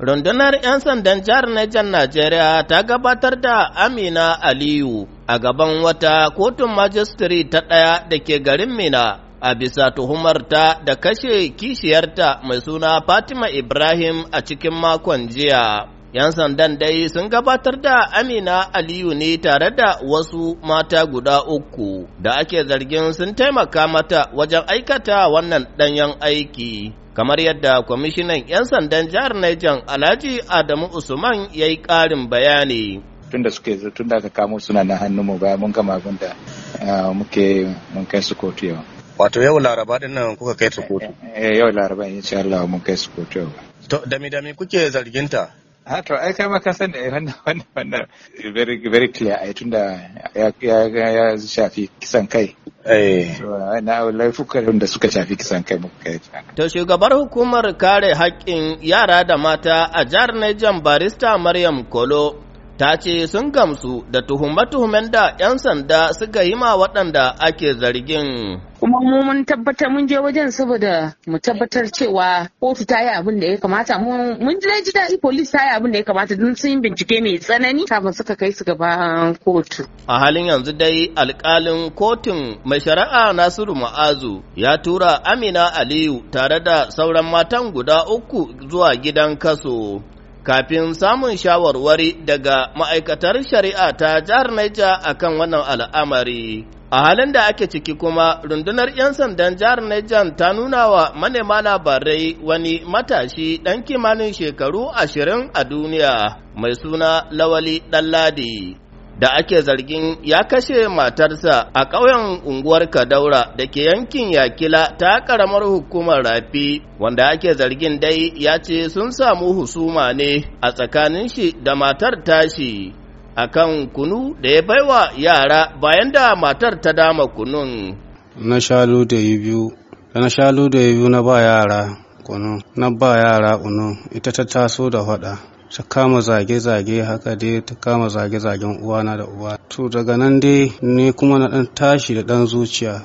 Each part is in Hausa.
Rundunar 'yan sandan jihar Niger Najeriya ta gabatar da Amina Aliyu a gaban wata kotun majistiri ta ɗaya da ke garin Mina a bisa tuhumarta da kashe kishiyarta mai suna Fatima Ibrahim a cikin makon jiya. 'Yan sandan dai sun gabatar da Amina Aliyu ne tare da wasu mata guda uku da ake zargin sun taimaka mata wajen aikata wannan ɗanyen aiki. kamar yadda kwamishinan 'yan sandan jihar Niger Alhaji Adamu Usman ya yi ƙarin bayani. Tun da suke tun da aka kamo suna na hannun mu bayan mun gama abin da ah, muke mun kai su kotu yau. Wato yau Laraba din nan kuka kai su kotu. Eh, eh, yau Laraba in sha Allah mun kai su kotu yau. To dami dami kuke zarginta? Ha ah, to ai kai ma ka san eh, wannan wannan wannan very very clear ai tunda ya ya shafi kisan kai Eh. na laifukan da suka shafi kisan kai muka kai To shugabar hukumar kare haƙƙin yara da mata a jihar Niger barista Maryam Kolo ta ce sun gamsu da tuhume-tuhumen da 'yan sanda suka yi ma waɗanda ake zargin. kuma mu mun tabbatar mun je wajen saboda mu tabbatar cewa kotu ta yi abin da ya kamata mun ji ji daɗi polis ta yi abin da ya kamata don sun yi bincike mai tsanani kafin suka kai su gaban kotu. A halin yanzu dai alkalin kotun mai shari'a Nasiru Ma'azu ya tura Amina Aliyu tare da sauran matan guda uku zuwa gidan kaso. kafin samun shawarwari daga ma'aikatar shari'a ta jihar Naija akan wannan al'amari. A halin da ake ciki kuma rundunar 'yan sandan jihar Niger ta nuna wa manema labarai wani matashi ɗan kimanin shekaru ashirin a duniya mai suna Lawali Ɗanladi. da ake zargin ya kashe matarsa a ƙauyen unguwar Kadaura da ke yankin Yakila ta ƙaramar hukumar Rafi wanda ake zargin dai ya ce sun samu husuma ne a tsakanin shi da matar tashi akan kunu da ya baiwa yara bayan da matar ta dama kunun. Na shalu da biyu, na shalu da biyu na ba yara kunu, na ba yara kunu, ita ta taso da faɗa. ta kama zage-zage haka dai ta kama zage-zagen uwana da uwa to daga nan dai ni kuma na dan tashi da dan zuciya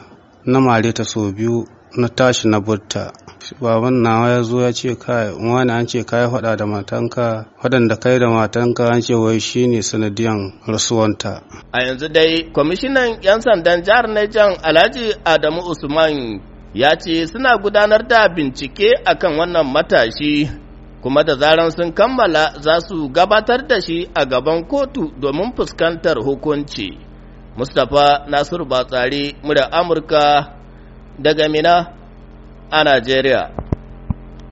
na mare ta so biyu na tashi na burta baban nawa ya zo ya ce kai wani an ce kai faɗa da matanka da kai da matanka an ce wai shine sanadiyan rasuwanta a yanzu dai kwamishinan 'yan sandan jihar Niger Alhaji Adamu Usman ya ce suna gudanar da bincike akan wannan matashi kuma da zaran sun kammala za su gabatar da shi a gaban kotu domin fuskantar hukunci. Mustapha Nasiru Batsari, murya Amurka daga Mina a Najeriya.